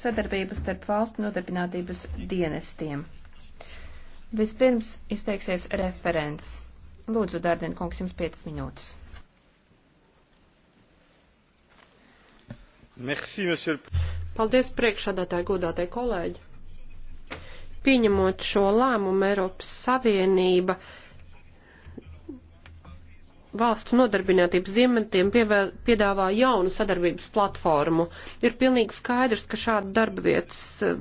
sadarbības starp valstu nodarbinātības dienestiem. Vispirms izteiksies referents. Lūdzu, Dārdien kungs, jums 5 minūtes. Merci, monsieur. Paldies priekšādātāji, godātāji kolēģi. Pieņemot šo lēmumu, Eiropas Savienība uh, valstu nodarbinātības dienmentiem piedāvā jaunu sadarbības platformu. Ir pilnīgi skaidrs, ka šāda darba vietas eh,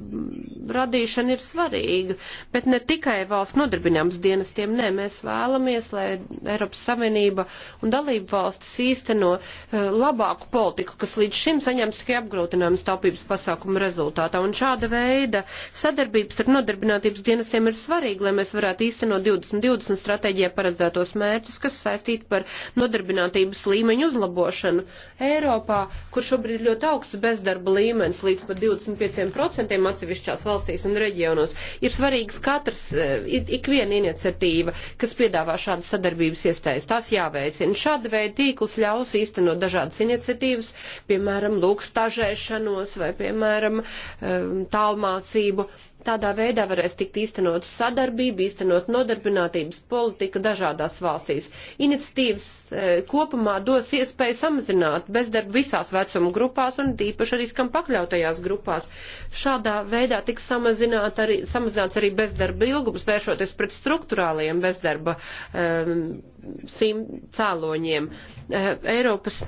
radīšana ir svarīga, bet ne tikai valsts nodarbinātības dienestiem, nē, mēs vēlamies, lai Eiropas Savienība un dalību valstis īsteno eh, labāku politiku, kas līdz šim saņems tikai apgrūtinājums taupības pasākumu rezultātā. Un šāda veida sadarbības ar nodarbinātības dienestiem ir svarīga, lai mēs varētu īstenot 2020 stratēģijā paredzētos mērķus, kas saistīti par par nodarbinātības līmeņu uzlabošanu Eiropā, kur šobrīd ir ļoti augsts bezdarba līmenis līdz pat 25% atsevišķās valstīs un reģionos. Ir svarīgs katrs, eh, ikviena iniciatīva, kas piedāvā šādas sadarbības iestājas. Tās jāveicina. Šāda veida tīkls ļaus īstenot dažādas iniciatīvas, piemēram, lūk, stažēšanos vai, piemēram, eh, tālmācību Tādā veidā varēs tikt īstenot sadarbība, īstenot nodarbinātības politika dažādās valstīs. Iniciatīvas e, kopumā dos iespēju samazināt bezdarbu visās vecuma grupās un tīpaši arī skam pakļautajās grupās. Šādā veidā tiks samazināt arī, samazināts arī bezdarba ilgums, vēršoties pret struktūrāliem bezdarba um, cēloņiem. Uh, Eiropas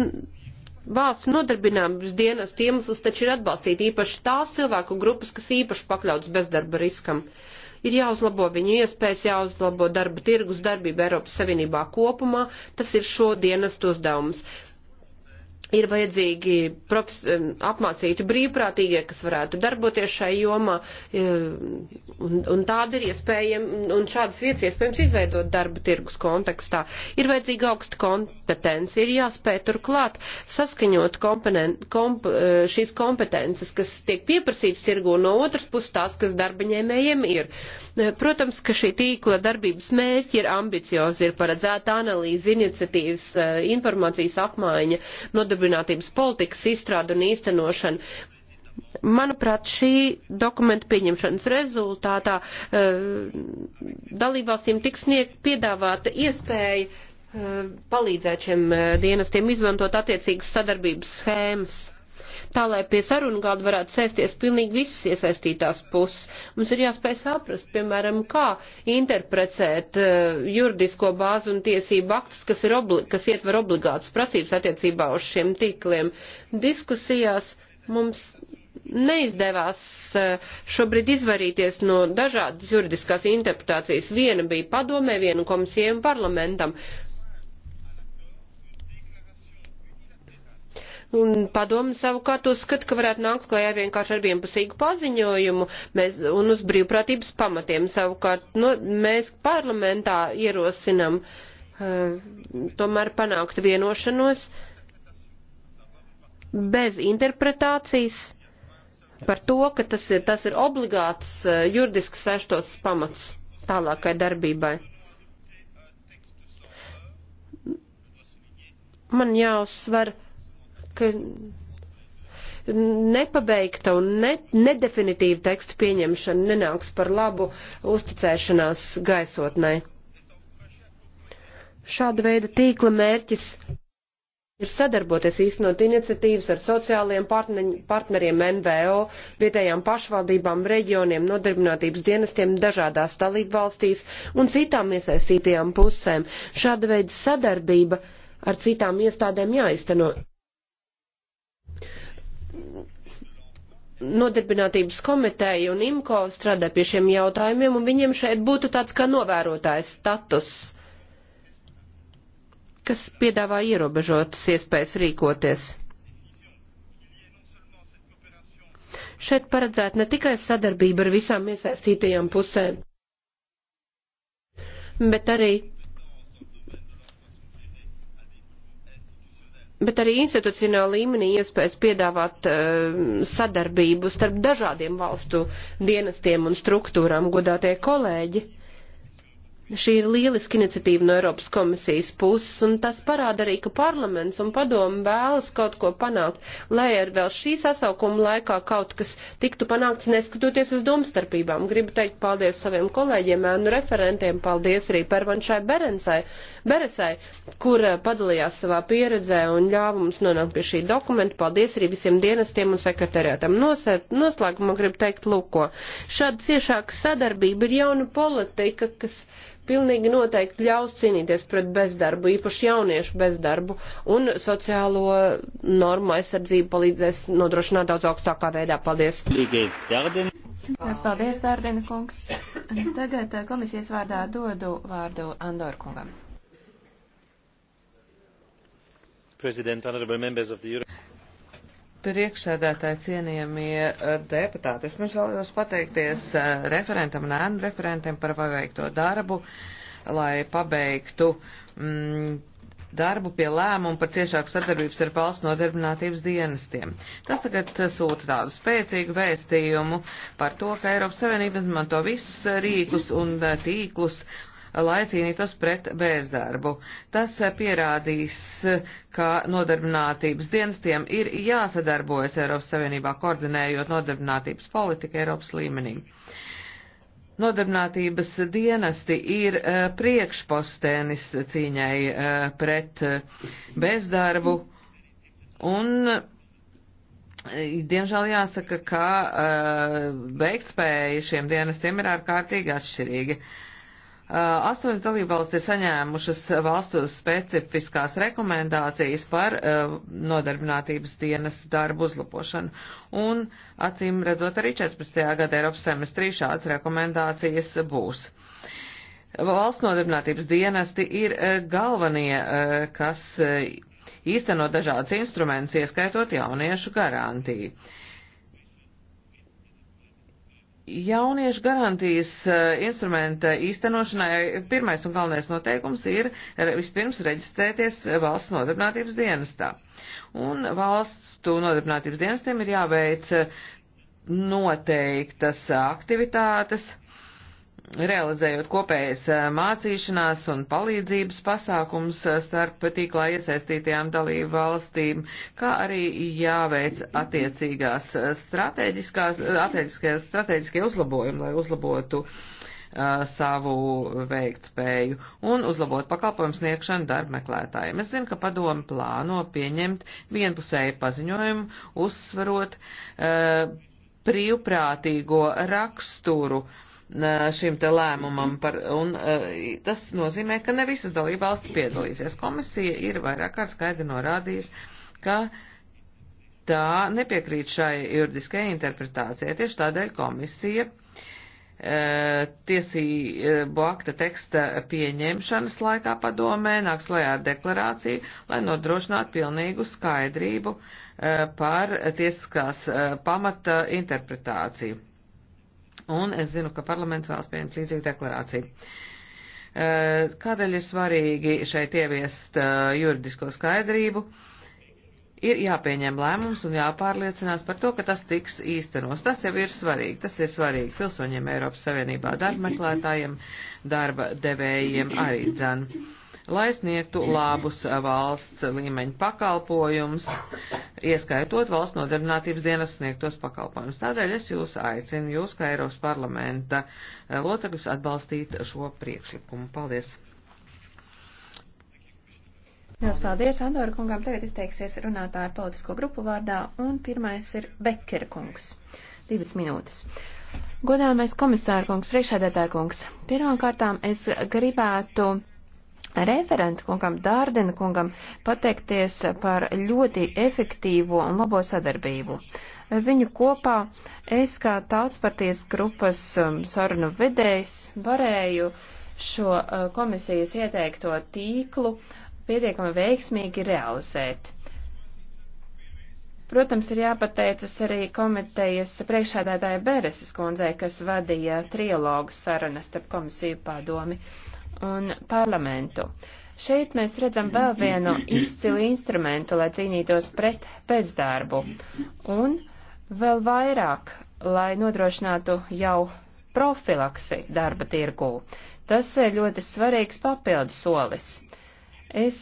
Valsts nodarbinātības dienas iemesls taču ir atbalstīt īpaši tās cilvēku grupas, kas īpaši pakļauts bezdarba riskam. Ir jāuzlabo viņu iespējas, jāuzlabo darba tirgus darbība Eiropas Savienībā kopumā, tas ir šo dienestu uzdevums ir vajadzīgi profes, apmācīti brīvprātīgie, kas varētu darboties šai jomā, e, un, un tāda ir iespējama, un šādas vietas iespējams izveidot darba tirgus kontekstā. Ir vajadzīga augsta kompetence, ir jāspēj turklāt saskaņot komp, e, šīs kompetences, kas tiek pieprasītas tirgu, no otras puses tās, kas darbaņēmējiem ir. E, protams, ka šī tīkla darbības mērķi ir ambiciozi, ir paredzēta analīze, iniciatīvas, informācijas apmaiņa, nodarbības nodarbinātības politikas izstrādu un īstenošanu. Manuprāt, šī dokumentu pieņemšanas rezultātā eh, dalībvalstīm tiks sniegt piedāvāta iespēja eh, palīdzēt šiem eh, dienestiem izmantot attiecīgas sadarbības schēmas tā lai pie sarunu galda varētu sēsties pilnīgi visas iesaistītās puses. Mums ir jāspēj saprast, piemēram, kā interpretēt uh, juridisko bāzu un tiesību aktus, kas, ir obli kas ietver obligātas prasības attiecībā uz šiem tīkliem. Diskusijās mums neizdevās eh, šobrīd izvairīties no dažādas juridiskās interpretācijas. Viena bija padomē, viena komisija un parlamentam. un padomu savukārt uzskata, ka varētu nākt klajā vienkārši ar vienpusīgu paziņojumu mēs, un uz brīvprātības pamatiem. Savukārt no, nu, mēs parlamentā ierosinam uh, tomēr panākt vienošanos bez interpretācijas par to, ka tas ir, tas ir obligāts uh, eh, juridiski seštos pamats tālākai darbībai. Man jāuzsver. Uh, ka nepabeigta un ne, nedefinitīva teksta pieņemšana nenāks par labu uzticēšanās gaisotnē. Šāda veida tīkla mērķis ir sadarboties īstenot iniciatīvas ar sociālajiem partneriem, NVO, vietējām pašvaldībām, reģioniem, nodarbinātības dienestiem dažādās dalību valstīs un citām iesaistītajām pusēm. Šāda veida sadarbība ar citām iestādēm jāizteno. Nodarbinātības komiteja un IMCO strādā pie šiem jautājumiem, un viņiem šeit būtu tāds kā novērotājs status, kas piedāvā ierobežotas iespējas rīkoties. Šeit paredzēta ne tikai sadarbība ar visām iesaistītajām pusēm, bet arī bet arī institucionāla līmenī iespējas piedāvāt uh, sadarbību starp dažādiem valstu dienestiem un struktūrām, godātie kolēģi. Šī ir lieliska iniciatīva no Eiropas komisijas puses, un tas parāda arī, ka parlaments un padomu vēlas kaut ko panākt, lai ar vēl šī sasaukuma laikā kaut kas tiktu panākts, neskatoties uz domstarpībām. Gribu teikt paldies saviem kolēģiem, ēnu referentiem, paldies arī Pervanšai Berensai, Beresai, kur eh, padalījās savā pieredzē un ļāva mums nonākt pie šī dokumenta. Paldies arī visiem dienestiem un sekretariātam. Nosēt, noslēgumā gribu teikt, lūko, šāda ciešāka sadarbība ir jauna politika, kas pilnīgi noteikti ļaus cīnīties pret bezdarbu, īpaši jauniešu bezdarbu, un sociālo normu aizsardzību palīdzēs nodrošināt daudz augstākā veidā. Paldies! Mēs paldies, Dārdina kungs. Tagad eh, komisijas vārdā dodu vārdu Andor kungam. President, honorable members of the Europe priekšsēdētāji cienījamie eh, deputāti. Es vēlos pateikties eh, referentam un ēnu referentiem par paveikto darbu, lai pabeigtu mm, darbu pie lēmumu par ciešāku sadarbību starp valsts nodarbinātības dienestiem. Tas tagad eh, sūta tādu spēcīgu vēstījumu par to, ka Eiropas Savienība izmanto visus rīkus un tīklus, lai cīnītos pret bezdarbu. Tas eh, pierādīs, ka nodarbinātības dienestiem ir jāsadarbojas Eiropas Savienībā, koordinējot nodarbinātības politiku Eiropas līmenī. Nodarbinātības dienesti ir uh, eh, priekšpostenis cīņai uh, pret uh, bezdarbu un uh, Diemžēl jāsaka, ka uh, veiktspēja šiem dienestiem ir ārkārtīgi atšķirīga. Uh, Uh, astoņas dalībvalstis ir saņēmušas valstu specifiskās rekomendācijas par uh, nodarbinātības dienas darbu uzlabošanu. Un, acīm redzot, arī 14. gada Eiropas semestrī šādas rekomendācijas būs. Valsts nodarbinātības dienesti ir uh, galvenie, uh, kas uh, īsteno dažādas instrumentus, ieskaitot jauniešu garantiju. Uh, Jauniešu garantijas eh, instrumenta īstenošanai pirmais un galvenais noteikums ir vispirms reģistrēties valsts nodarbinātības dienestā. Un valsts to nodarbinātības dienestiem ir jāveic eh, noteiktas aktivitātes, realizējot kopējas eh, mācīšanās un palīdzības pasākums eh, starp tīklā iesaistītajām dalību valstīm, kā arī jāveic attiecīgās eh, strateģiskās, attiecīgās strateģiskie uzlabojumi, lai uzlabotu uh, savu veiktspēju un uzlabot pakalpojumu sniegšanu darbmeklētājiem. Es zinu, ka padomi plāno pieņemt vienpusēju paziņojumu, uzsvarot uh, brīvprātīgo raksturu uh, Uh, šim te lēmumam par, un uh, tas nozīmē, ka ne visas dalībvalstis piedalīsies. Komisija ir vairāk kārt skaidri norādījusi, ka tā nepiekrīt šai juridiskajai interpretācijai. Tieši tādēļ komisija uh, tiesību akta teksta pieņemšanas laikā padomē nāks klajā ar deklarāciju, lai nodrošinātu pilnīgu skaidrību par tiesiskās pamata interpretāciju un es zinu, ka parlaments vēlas pieņemt līdzīgu deklarāciju. Eh, kādēļ ir svarīgi šeit ieviest eh, juridisko skaidrību? ir jāpieņem lēmums un jāpārliecinās par to, ka tas tiks īstenos. Tas jau ir svarīgi. Tas ir svarīgi pilsoņiem Eiropas Savienībā, darba meklētājiem, darba devējiem arī dzan lai sniegtu labus eh, valsts līmeņa pakalpojumus, ieskaitot valsts nodarbinātības dienas sniegtos pakalpojumus. Tādēļ es jūs aicinu, jūs kā Eiropas parlamenta eh, locekļus, atbalstīt šo priekšlikumu. Paldies! Lielas paldies Andoru kungam. Tagad izteiksies runātāja politisko grupu vārdā, un pirmais ir Bekera kungs. Divas minūtes. Godāmais komisāra kungs, priekšēdētāja kungs, pirmkārtām es gribētu referentu kungam Dārdena kungam pateikties par ļoti efektīvo un labo sadarbību. Ar viņu kopā es kā tautspartijas grupas um, sarunu vedējs varēju šo uh, komisijas ieteikto tīklu pietiekami veiksmīgi realizēt. Protams, ir jāpateicas arī komitejas priekšādātāja Bereses kundzei, kas vadīja trilogu sarunas starp komisiju padomi un parlamentu. Šeit mēs redzam vēl vienu izcilu instrumentu, lai cīnītos pret bezdarbu un vēl vairāk, lai nodrošinātu jau profilaksi darba tirgū. Tas ir ļoti svarīgs papildu solis. Es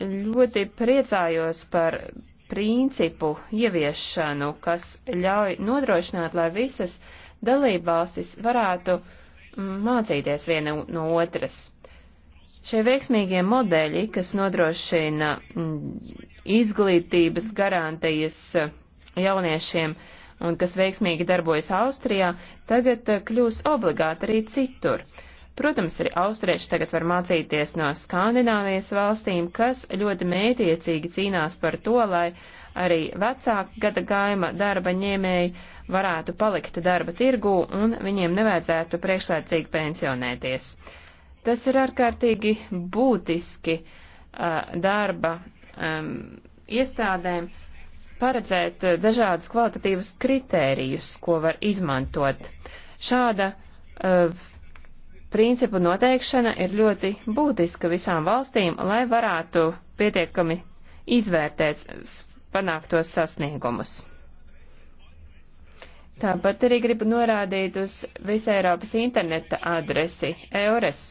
ļoti priecājos par principu ieviešanu, kas ļauj nodrošināt, lai visas dalībvalstis varētu uh, mācīties viena no otras. Šie veiksmīgie modeļi, kas nodrošina mm, izglītības garantijas eh, jauniešiem un kas veiksmīgi darbojas Austrijā, tagad eh, kļūs obligāti arī citur. Protams, arī austrieši tagad var mācīties no Skandināvijas valstīm, kas ļoti mētiecīgi cīnās par to, lai arī vecāka gada gaima darba ņēmēji varētu palikt darba tirgū un viņiem nevajadzētu priekšlaicīgi pensionēties. Tas ir ārkārtīgi būtiski uh, darba um, iestādēm paredzēt dažādas kvalitatīvas kritērijus, ko var izmantot. Šāda uh, principu noteikšana ir ļoti būtiska visām valstīm, lai varētu pietiekami izvērtēt panāktos sasniegumus. Tāpat arī gribu norādīt uz visu Eiropas interneta adresi Eures,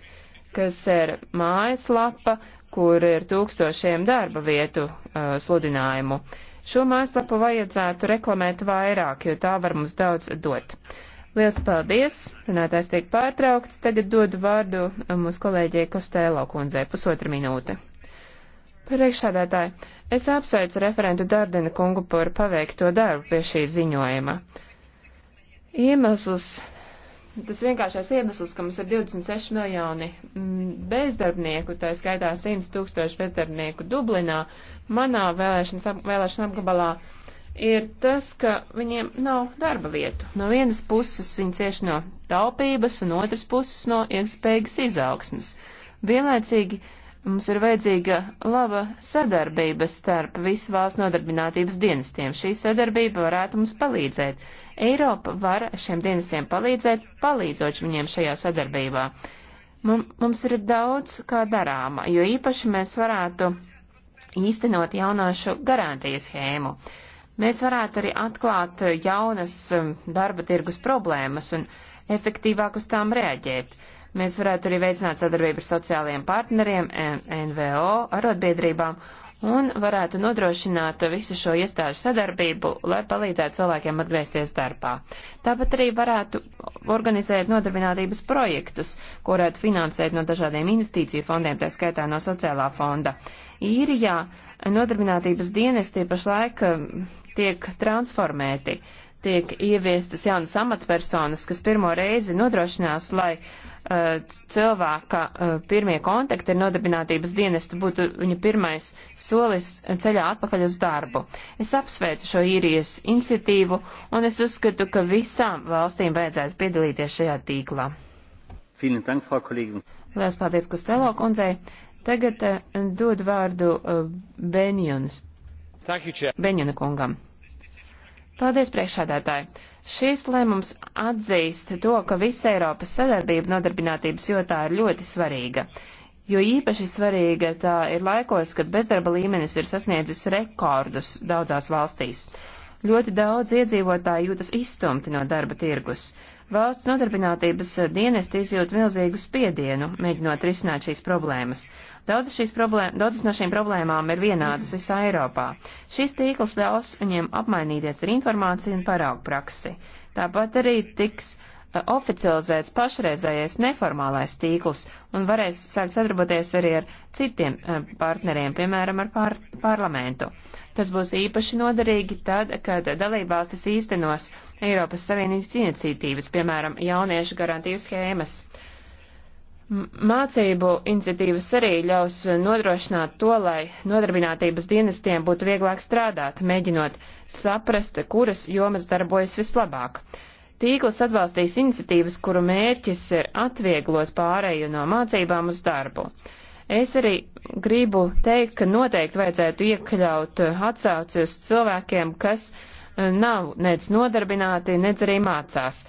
kas ir mājaslapa, kur ir tūkstošiem darba vietu uh, sludinājumu. Šo mājaslapu vajadzētu reklamēt vairāk, jo tā var mums daudz dot. Uh, Liels paldies! Runātājs tiek pārtraukts. Tagad dodu vārdu um, mūsu kolēģei Kostēlo kundzei. Pusotra minūte. Priekšādātāji, es apsveicu referentu Dārdena kungu par paveikto darbu pie šī ziņojuma. Iemesls, tas vienkāršais iemesls, ka mums ir 26 miljoni mm, bezdarbnieku, tā skaitā 100 tūkstoši bezdarbnieku Dublinā, manā vēlēšanas, ap, vēlēšana apgabalā ir tas, ka viņiem nav darba vietu. No vienas puses viņi cieši no taupības, un otras puses no ilgspējīgas izaugsmas. Vienlaicīgi mums ir vajadzīga laba sadarbība starp visu valsts nodarbinātības dienestiem. Šī sadarbība varētu mums palīdzēt. Eiropa var šiem dienestiem palīdzēt, palīdzot viņiem šajā sadarbībā. Mums ir daudz kā darāma, jo īpaši mēs varētu īstenot jaunāšu garantijas schēmu. Uh, Mēs varētu arī atklāt eh, jaunas eh, darba tirgus problēmas un efektīvāk uz tām reaģēt. Mēs varētu arī veicināt sadarbību ar sociālajiem partneriem, NVO, arotbiedrībām un varētu nodrošināt visu šo iestāžu sadarbību, lai palīdzētu cilvēkiem atgriezties darbā. Tāpat arī varētu organizēt nodarbinātības projektus, ko varētu finansēt no dažādiem investīciju fondiem, tā skaitā no sociālā fonda. Īrijā nodarbinātības dienesti pašlaik tiek transformēti, tiek ieviestas jaunas amatpersonas, kas pirmo reizi nodrošinās, lai uh, cilvēka uh, pirmie kontakti ar nodarbinātības dienestu būtu viņa pirmais solis ceļā atpakaļ uz darbu. Es apsveicu šo īrijas iniciatīvu un es uzskatu, ka visām valstīm vajadzētu piedalīties šajā tīklā. Lielas paldies, Kustelo kundzei. Tagad uh, dod vārdu uh, Benjonas Beņina kungam. Paldies, priekšsādātāji! Šīs lēmums atzīst to, ka visa Eiropas sadarbība nodarbinātības jotā ir ļoti svarīga. Jo īpaši svarīga tā ir laikos, kad bezdarba līmenis ir sasniedzis rekordus daudzās valstīs. Ļoti daudz iedzīvotāji jūtas izstumti no darba tirgus. Valsts nodarbinātības dienesti izjūt milzīgu spiedienu, mēģinot risināt šīs problēmas, Daudzas daudz no šīm problēmām ir vienādas visā Eiropā. Šis tīkls ļaus viņiem apmainīties ar informāciju un paraugu praksi. Tāpat arī tiks eh, oficializēts pašreizējais neformālais tīkls un varēs sākt sadarboties arī ar citiem eh, partneriem, piemēram, ar pār, parlamentu. Tas būs īpaši noderīgi tad, kad dalībvalstis īstenos Eiropas Savienības iniciatīvas, piemēram, jauniešu garantiju schēmas. Mācību iniciatīvas arī ļaus nodrošināt to, lai nodarbinātības dienestiem būtu vieglāk strādāt, mēģinot saprast, kuras jomas darbojas vislabāk. Tīkls atbalstīs iniciatīvas, kuru mērķis ir atvieglot pārēju no mācībām uz darbu. Es arī gribu teikt, ka noteikti vajadzētu iekļaut atsauci uz cilvēkiem, kas eh, nav nec nodarbināti, nec arī mācās.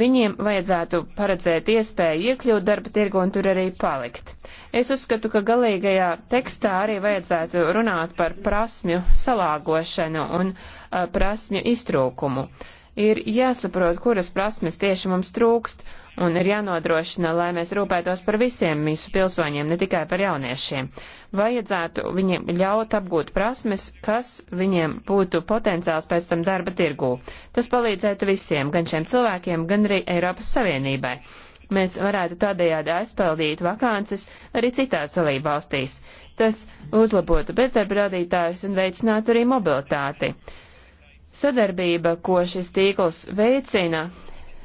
Viņiem vajadzētu paredzēt iespēju iekļūt darba tirgu un tur arī palikt. Es uzskatu, ka galīgajā tekstā arī vajadzētu runāt par prasmju salāgošanu un a, prasmju iztrūkumu. Ir jāsaprot, kuras prasmes tieši mums trūkst un ir jānodrošina, lai mēs rūpētos par visiem mūsu pilsoņiem, ne tikai par jauniešiem. Vajadzētu viņiem ļaut apgūt prasmes, kas viņiem būtu potenciāls pēc tam darba tirgū. Tas palīdzētu visiem, gan šiem cilvēkiem, gan arī Eiropas Savienībai. Mēs varētu tādējādi aizpildīt vakances arī citās dalībvalstīs. Tas uzlabotu bezdarba radītājus un veicinātu arī mobilitāti. Sadarbība, ko šis tīkls veicina,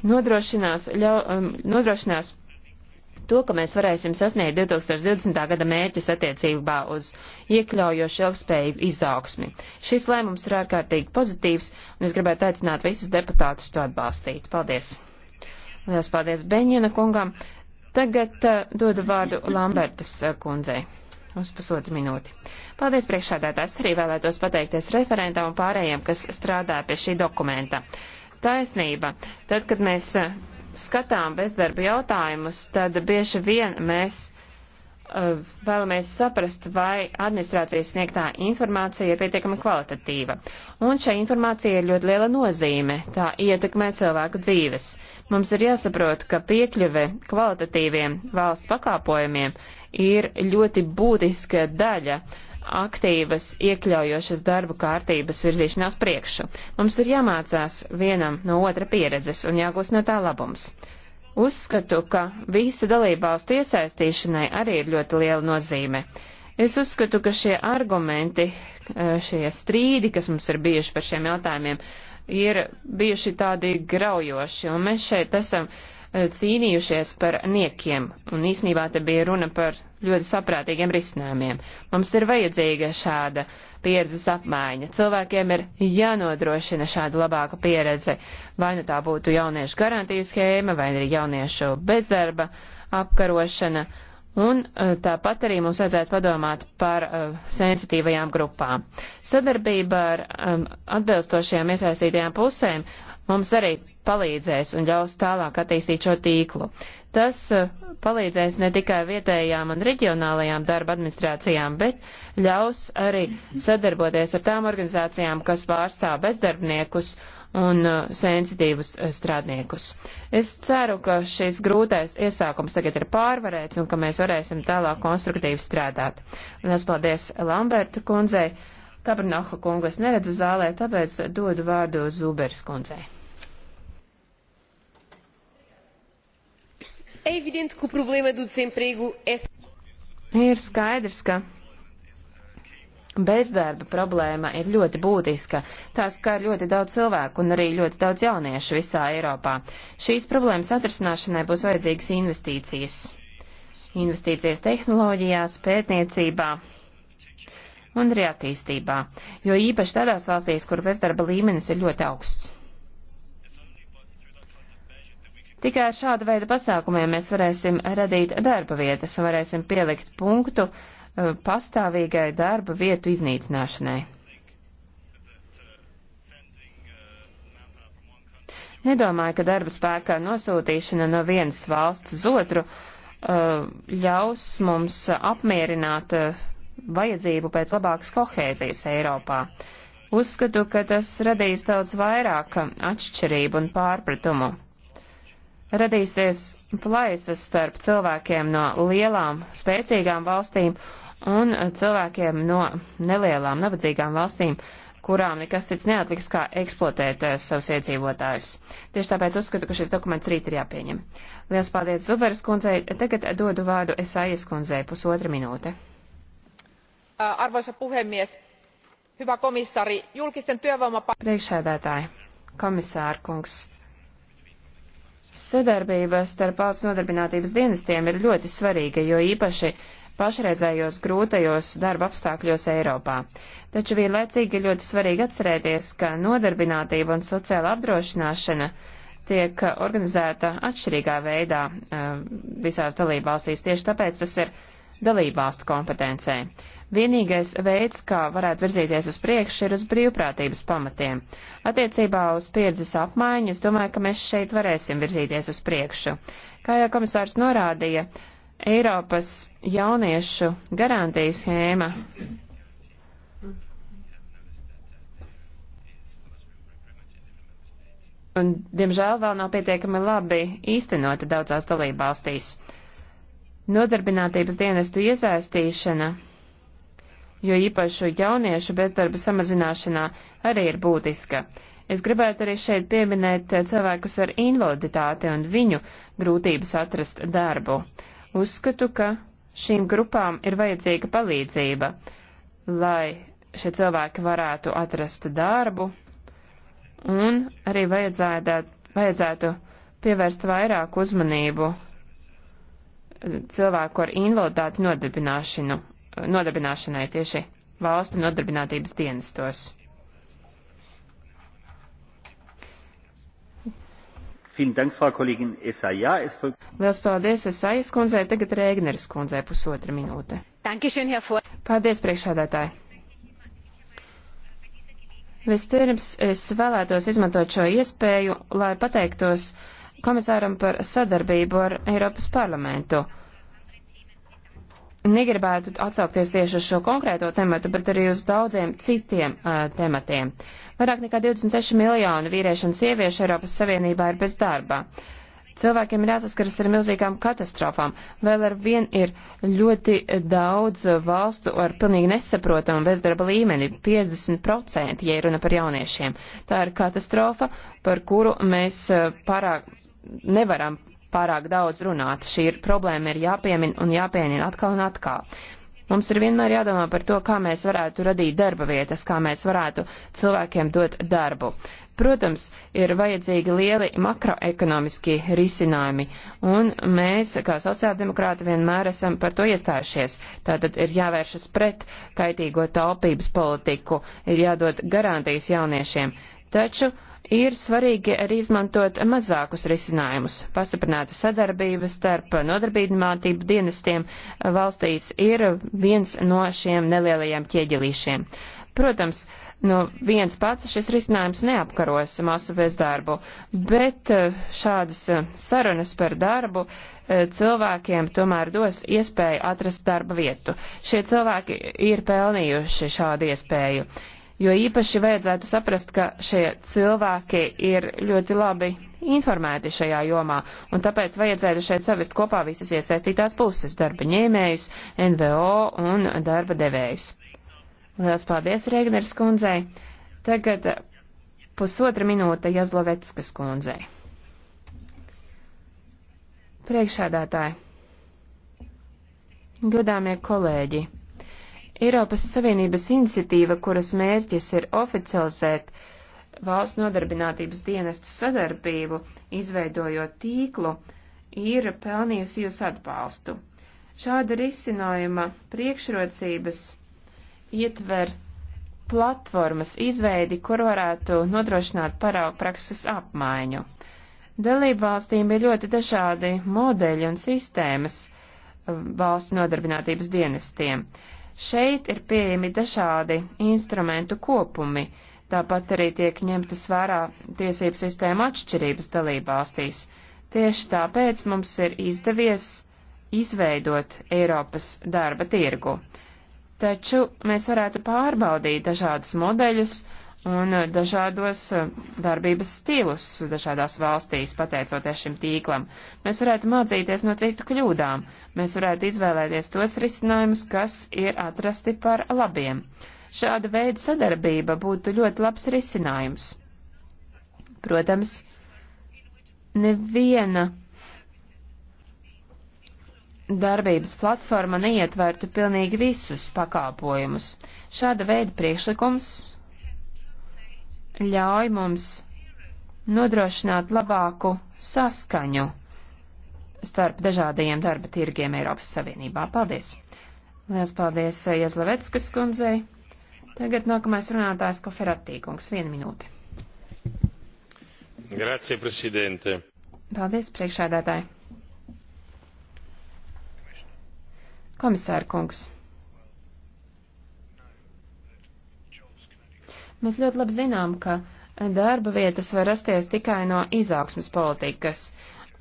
nodrošinās, ļau, um, nodrošinās to, ka mēs varēsim sasniegt 2020. gada mērķus attiecībā uz iekļaujošu ilgspējīgu izaugsmi. Šis lēmums ir ārkārtīgi pozitīvs, un es gribētu aicināt visus deputātus to atbalstīt. Paldies! Lielas paldies Beņina kungam! Tagad uh, dodu vārdu Lambertas uh, kundzei uz pusotru minūti. Paldies priekšādātājs, arī vēlētos pateikties referentam un pārējiem, kas strādā pie šī dokumenta. Uh, taisnība. Tad, kad mēs eh, skatām bezdarba jautājumus, tad bieži vien mēs eh, vēlamies saprast, vai administrācijas sniegtā informācija ir pietiekami kvalitatīva. Un šai informācija ir ļoti liela nozīme, tā ietekmē cilvēku dzīves. Mums ir jāsaprot, ka piekļuve kvalitatīviem valsts pakāpojumiem ir ļoti būtiska daļa aktīvas, iekļaujošas darba kārtības virzīšanās priekšu. Mums ir jāmācās vienam no otra pieredzes un jāgūst no tā labums. Uzskatu, ka visu dalībvalstu iesaistīšanai arī ir ļoti liela nozīme. Es uzskatu, ka šie argumenti, eh, šie strīdi, kas mums ir bijuši par šiem jautājumiem, ir bijuši tādi graujoši, un mēs šeit esam uh, cīnījušies par niekiem, un īsnībā te bija runa par ļoti saprātīgiem risinājumiem. Mums ir vajadzīga šāda pieredzes apmaiņa. Cilvēkiem ir jānodrošina šāda labāka pieredze, vai nu tā būtu jauniešu garantijas schēma, vai arī jauniešu bezdarba apkarošana, Un eh, tāpat arī mums vajadzētu padomāt par uh, sensitīvajām grupām. Sadarbība ar um, atbilstošajām iesaistītajām pusēm mums arī palīdzēs un ļaus tālāk attīstīt šo tīklu. Tas eh, palīdzēs ne tikai vietējām un reģionālajām darba administrācijām, bet ļaus arī sadarboties ar tām organizācijām, kas pārstāv bezdarbniekus un eh, sensitīvus eh, strādniekus. Es ceru, ka šis grūtais iesākums tagad ir pārvarēts un ka mēs varēsim tālāk konstruktīvi strādāt. Lielas paldies Lamberta kundzei. Kabrnoha kungu es neredzu zālē, tāpēc dodu vārdu Zūberis kundzei. É evidente que o problema do desemprego é. Ir skaidrs, ka bezdarba problēma ir ļoti būtiska. Tā skar ļoti daudz cilvēku un arī ļoti daudz jauniešu visā Eiropā. Šīs problēmas atrisināšanai būs vajadzīgas investīcijas. Investīcijas tehnoloģijās, pētniecībā, un arī attīstībā, jo īpaši tādās valstīs, kur bezdarba līmenis ir ļoti augsts. Tikai ar šādu veidu pasākumiem mēs varēsim radīt darba vietas un varēsim pielikt punktu eh, pastāvīgai darba vietu iznīcināšanai. Nedomāju, ka darba spēkā nosūtīšana no vienas valsts uz otru eh, ļaus mums apmierināt eh, vajadzību pēc labākas kohēzijas Eiropā. Uzskatu, ka tas radīs daudz vairāk atšķirību un pārpratumu radīsies plaisas starp cilvēkiem no lielām, spēcīgām valstīm un eh, cilvēkiem no nelielām, nabadzīgām valstīm, kurām nekas cits neatliks, kā eksploatēt eh, savus iedzīvotājus. Tieši tāpēc uzskatu, ka šis dokuments rīt ir jāpieņem. Liels paldies Zuberas kundzei. Tagad dodu vārdu Esājas kundzei pusotra minūte. Arvoisa puhemies, hyvä komissari, julkisten työvoimapalvelujen... Priekšsēdētāji, komisārkungs Sadarbība starp valsts nodarbinātības dienestiem ir ļoti svarīga, jo īpaši pašreizējos grūtajos darba apstākļos Eiropā. Taču vienlaicīgi ļoti svarīgi atcerēties, ka nodarbinātība un sociāla apdrošināšana tiek organizēta atšķirīgā veidā eh, visās dalībvalstīs. Tieši tāpēc tas ir dalībvalstu kompetencē. Vienīgais veids, kā varētu virzīties uz priekšu, ir uz brīvprātības pamatiem. Attiecībā uz pieredzes apmaiņu es domāju, ka mēs šeit varēsim virzīties uz priekšu. Kā jau komisārs norādīja, Eiropas jauniešu garantijas schēma un, diemžēl, vēl nav pietiekami labi īstenota daudzās dalībvalstīs. valstīs. Nodarbinātības dienestu iesaistīšana, jo īpaši jauniešu bezdarba samazināšanā, arī ir būtiska. Es gribētu arī šeit pieminēt cilvēkus ar invaliditāti un viņu grūtības atrast darbu. Uzskatu, ka šīm grupām ir vajadzīga palīdzība, lai šie cilvēki varētu atrast darbu, un arī vajadzētu, vajadzētu pievērst vairāk uzmanību cilvēku ar invaliditāti nodarbināšanu, nodarbināšanai tieši valstu nodarbinātības dienestos. Liels paldies Esaijas kundzei, tagad Rēgneres kundzei pusotra minūte. Paldies, priekšādātāji! Vispirms es vēlētos izmantot šo iespēju, lai pateiktos komisāram par sadarbību ar Eiropas parlamentu. Negribētu atsaukties tieši uz šo konkrēto tematu, bet arī uz daudziem citiem uh, tematiem. Vairāk nekā 26 miljoni vīriešu un sieviešu Eiropas Savienībā ir bez darba. Cilvēkiem ir jāsaskaras ar milzīgām katastrofām. Vēl ar vien ir ļoti daudz valstu ar pilnīgi nesaprotamu bezdarba līmeni - 50%, ja runa par jauniešiem. Tā ir katastrofa, par kuru mēs pārāk nevaram pārāk daudz runāt. Šī ir problēma ir jāpiemin un jāpiemin atkal un atkal. Mums ir vienmēr jādomā par to, kā mēs varētu radīt darba vietas, kā mēs varētu cilvēkiem dot darbu. Protams, ir vajadzīgi lieli makroekonomiski risinājumi, un mēs, kā sociāldemokrāti, vienmēr esam par to iestājušies. Tātad ir jāvēršas pret kaitīgo taupības politiku, ir jādod garantijas jauniešiem. Taču uh, Ir svarīgi arī izmantot mazākus risinājumus. Pastiprināta sadarbība starp nodarbinātību dienestiem valstīs ir viens no šiem nelielajiem ķieģelīšiem. Protams, no viens pats šis risinājums neapkaros masu bezdarbu, bet eh, šādas eh, sarunas par darbu eh, cilvēkiem tomēr dos iespēju atrast darba vietu. Šie cilvēki ir pelnījuši šādu iespēju jo īpaši vajadzētu saprast, ka šie cilvēki ir ļoti labi informēti šajā jomā, un tāpēc vajadzētu šeit savest kopā visas iesaistītās puses - darba ņēmējus, NVO un darba devējus. Lielas paldies, Regneris kundzei! Tagad pusotra minūte Jazlovetskas kundzei. Priekšādātāji, godāmie kolēģi! Eiropas Savienības iniciatīva, kuras mērķis ir oficializēt valsts nodarbinātības dienestu sadarbību, izveidojot tīklu, ir pelnījusi jūs atbalstu. Šāda risinājuma priekšrocības ietver platformas izveidi, kur varētu nodrošināt paraugu prakses apmaiņu. Dalībvalstīm ir ļoti dažādi modeļi un sistēmas um, valsts nodarbinātības dienestiem. Uh, Šeit ir pieejami dažādi instrumentu kopumi, tāpat arī tiek ņemtas vērā tiesību sistēma atšķirības dalībvalstīs. Tieši tāpēc mums ir izdevies izveidot Eiropas darba tirgu. Taču mēs varētu pārbaudīt dažādus modeļus, un eh, dažādos eh, darbības stilus dažādās valstīs, pateicoties šim tīklam. Mēs varētu mācīties no citu kļūdām, mēs varētu izvēlēties tos risinājumus, kas ir atrasti par labiem. Šāda veida sadarbība būtu ļoti labs risinājums. Protams, neviena darbības platforma neietvertu pilnīgi visus pakāpojumus. Šāda veida priekšlikums ļauj mums nodrošināt labāku saskaņu starp dažādajiem darba tirgiem Eiropas Savienībā. Paldies! Lielas paldies eh, Jezlavetskas kundzei. Tagad nākamais runātājs Koferatī kungs. Vienu minūti. Grazie, prezidente. Paldies, priekšādātāji. Komisāra kungs. Mēs ļoti labi zinām, ka darba vietas var rasties tikai no izaugsmas politikas,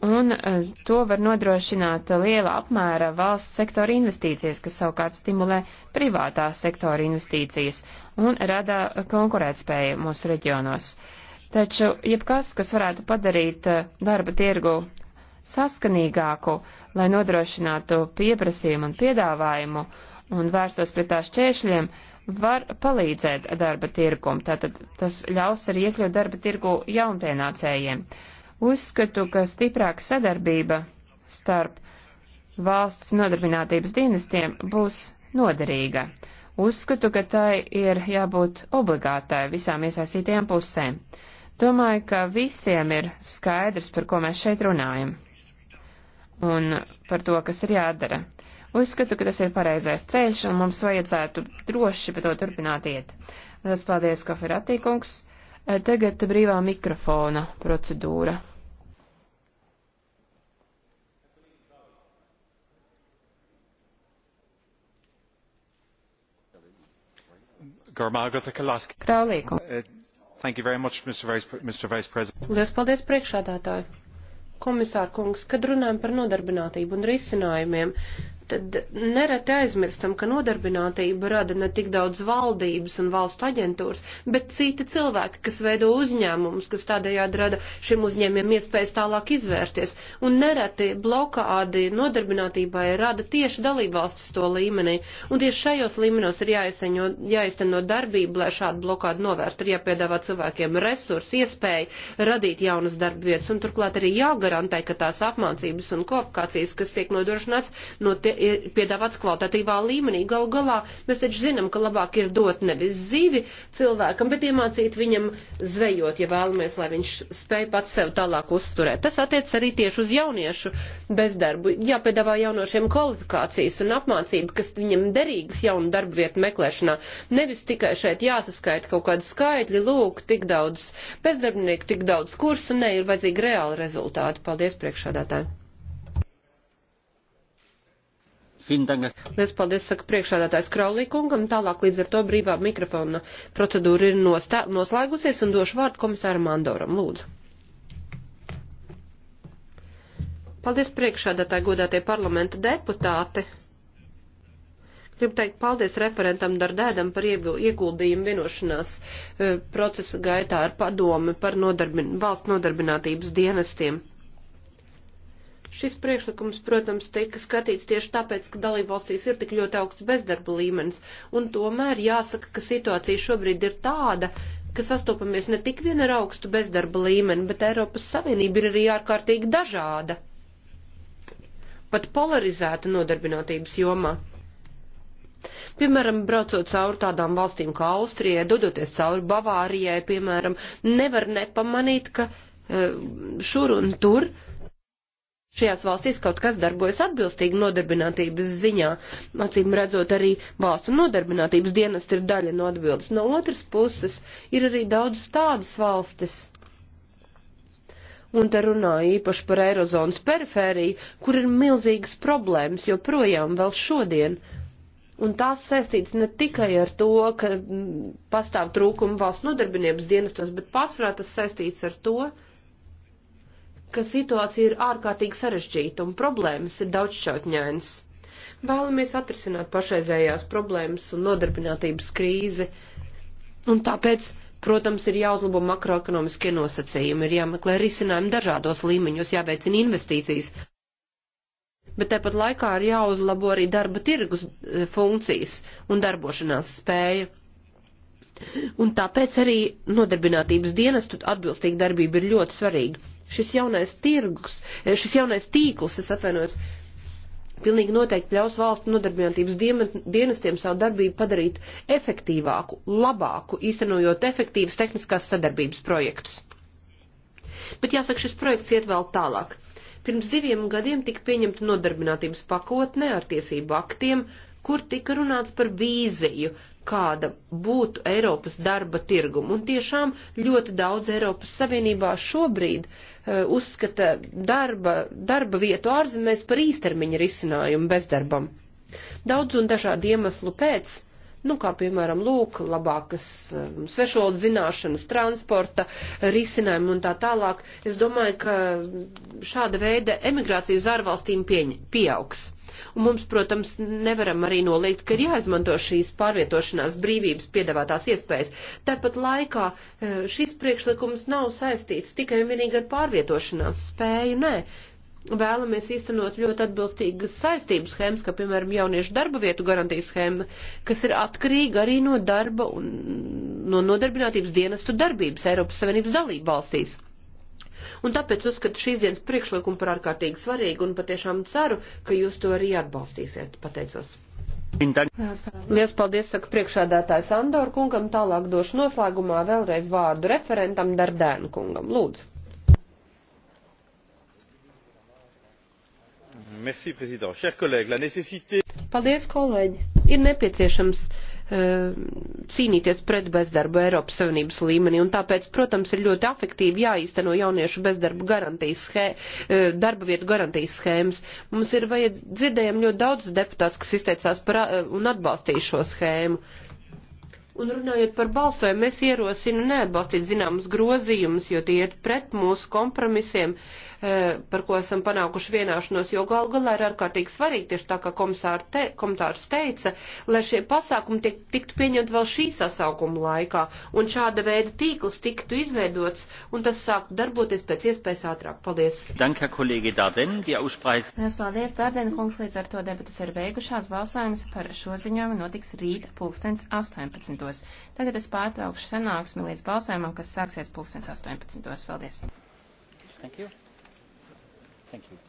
un e, to var nodrošināt liela apmēra valsts sektora investīcijas, kas savukārt stimulē privātā sektora investīcijas un rada konkurētspēju mūsu reģionos. Taču jebkas, kas varētu padarīt e, darba tirgu saskanīgāku, lai nodrošinātu pieprasījumu un piedāvājumu un vērstos pret tā šķēršļiem, uh, var palīdzēt darba tirgumu, tātad tas ļaus arī iekļūt darba tirgu jaunpienācējiem. Uzskatu, ka stiprāka sadarbība starp valsts nodarbinātības dienestiem būs noderīga. Uzskatu, ka tai ir jābūt obligātai visām iesaistītajām pusēm. Domāju, ka visiem ir skaidrs, par ko mēs šeit runājam un par to, kas ir jādara. Uzskatu, ka tas ir pareizais ceļš, un mums vajadzētu droši pa to turpināt iet. Lielas paldies, Kaferatī kungs. Eh, tagad brīvā mikrofona procedūra. Kraulīku. Eh, much, Mr. Vice, Mr. Vice Liels paldies priekšādātāji. Komisār kungs, kad runājam par nodarbinātību un risinājumiem, tad nereti aizmirstam, ka nodarbinātība rada ne tik daudz valdības un valstu aģentūras, bet citi cilvēki, kas veido uzņēmumus, kas tādējādi rada šim uzņēmiem iespējas tālāk izvērties. Un nereti blokādi nodarbinātībai rada tieši dalībvalstis to līmenī. Un tieši šajos līmenos ir jāizseņo, jāizteno darbība, lai šādu blokādu novērtu. Ir jāpiedāvā cilvēkiem resursi, iespēja radīt jaunas darbvietas. Un turklāt arī jāgarantē, ka tās apmācības un kvalifikācijas, kas tiek nodrošināts, no tie ir piedāvāts kvalitatīvā līmenī. Gal galā mēs taču zinām, ka labāk ir dot nevis zīvi cilvēkam, bet iemācīt viņam zvejot, ja vēlamies, lai viņš spēj pats sev tālāk uzturēt. Tas attiec arī tieši uz jauniešu bezdarbu. Jāpiedāvā jaunošiem kvalifikācijas un apmācība, kas viņam derīgas jaunu darbu vietu meklēšanā. Nevis tikai šeit jāsaskaita kaut kādi skaitļi, lūk, tik daudz bezdarbnieku, tik daudz kursu, ne, ir vajadzīgi reāli rezultāti. Paldies priekšādātāji! Liels paldies, saka priekšādātājs Kraulī kungam. Tālāk līdz ar to brīvā mikrofona procedūra ir nostā, noslēgusies un došu vārdu komisāram Andoram. Lūdzu. Paldies priekšādātāji, godātie parlamenta deputāti. Gribu teikt paldies referentam Dardēdam par ieguldījumu vienošanās e, procesa gaitā ar padomi par nodarbin valsts nodarbinātības dienestiem. Šis priekšlikums, protams, tika skatīts tieši tāpēc, ka dalībvalstīs ir tik ļoti augsts bezdarba līmenis, un tomēr jāsaka, ka situācija šobrīd ir tāda, ka sastopamies ne tik vien ar augstu bezdarba līmeni, bet Eiropas Savienība ir arī ārkārtīgi dažāda, pat polarizēta nodarbinātības jomā. Piemēram, braucot cauri tādām valstīm kā Austrija, dodoties cauri Bavārijai, piemēram, nevar nepamanīt, ka eh, šur un tur uh, šajās valstīs kaut kas darbojas atbilstīgi nodarbinātības ziņā. Acīm redzot, arī valstu nodarbinātības dienas ir daļa no atbildes. No otras puses, ir arī daudz tādas valstis. Un te runāju īpaši par Eirozonas perifēriju, kur ir milzīgas problēmas joprojām vēl šodien. Un tās saistīts ne tikai ar to, ka pastāv trūkumi valsts nodarbinības dienestos, bet pārsvarā tas saistīts ar to, ka ka situācija ir ārkārtīgi sarežģīta un problēmas ir daudzšķautņainas. Vēlamies atrisināt pašreizējās problēmas un nodarbinātības krīzi, un tāpēc, protams, ir jāuzlabo makroekonomiskie nosacījumi, ir jāmeklē risinājumi dažādos līmeņos, jāveicina investīcijas, bet tāpat laikā ir jāuzlabo arī darba tirgus e, funkcijas un darbošanās spēja. Un tāpēc arī nodarbinātības dienestu atbilstīga darbība ir ļoti svarīga šis jaunais tirgus, eh, šis jaunais tīkls, es atvainojos, pilnīgi noteikti ļaus valstu nodarbinātības dienestiem savu darbību padarīt efektīvāku, labāku, īstenojot efektīvas tehniskās sadarbības projektus. Bet jāsaka, šis projekts iet vēl tālāk. Pirms diviem gadiem tika pieņemta nodarbinātības pakotne ar tiesību aktiem, kur tika runāts par vīziju kāda būtu Eiropas darba tirguma. Un tiešām ļoti daudz Eiropas Savienībā šobrīd uh, uzskata darba, darba vietu ārzemēs par īstermiņa risinājumu bezdarbam. Daudz un dažādu iemeslu pēc, nu kā piemēram lūk, labākas um, eh, svešvalodu zināšanas, transporta risinājumu un tā tālāk, es domāju, ka šāda veida emigrācija uz ārvalstīm pieaugs. Pieņ, Un mums, protams, nevaram arī noliegt, ka ir jāizmanto šīs pārvietošanās brīvības piedāvātās iespējas. Tāpat laikā e, šis priekšlikums nav saistīts tikai un vienīgi ar pārvietošanās spēju, nē. Vēlamies īstenot ļoti atbilstīgas saistības schēmas, kā piemēram jauniešu darba vietu garantijas schēma, kas ir atkarīga arī no darba un no nodarbinātības dienestu darbības Eiropas Savienības dalību valstīs un tāpēc uzskatu šīs dienas priekšlikumu par ārkārtīgi svarīgu un patiešām ceru, ka jūs to arī atbalstīsiet. Pateicos. Lielas paldies, saka priekšādātājs Andor kungam, tālāk došu noslēgumā vēlreiz vārdu referentam Dardēnu kungam. Lūdzu. Merci, président. Chers collègues, la nécessité. Paldies, kolēģi. Ir nepieciešams E, cīnīties pret bezdarbu Eiropas Savienības līmenī. Un tāpēc, protams, ir ļoti afektīvi jāīsteno jauniešu bezdarbu garantijas, schē, e, darba vietu garantijas schēmas. Mums ir vajadz, dzirdējam ļoti daudz deputāts, kas izteicās par un atbalstīja šo schēmu. Un runājot par balsojumu, es ierosinu neatbalstīt zināmus grozījumus, jo tie iet pret mūsu kompromisiem, eh, par ko esam panākuši vienāšanos, jo gal galā ir ārkārtīgi svarīgi, tieši tā kā te, komisārs teica, lai šie pasākumi tiek, tiktu pieņemti vēl šī sasaukuma laikā, un šāda veida tīkls tiktu izveidots, un tas sāktu darboties pēc iespējas ātrāk. Paldies! Danke, kolēģi Dārden, die Aussprache. Es paldies, Dārden, kungs, līdz ar to debatas ir beigušās. Balsojums par šo ziņojumu notiks rīt pulkstens 18. 12. Tagad es pārtraukšu sanāksmi līdz balsojumam, kas sāksies 2018. Paldies! Thank you. Thank you.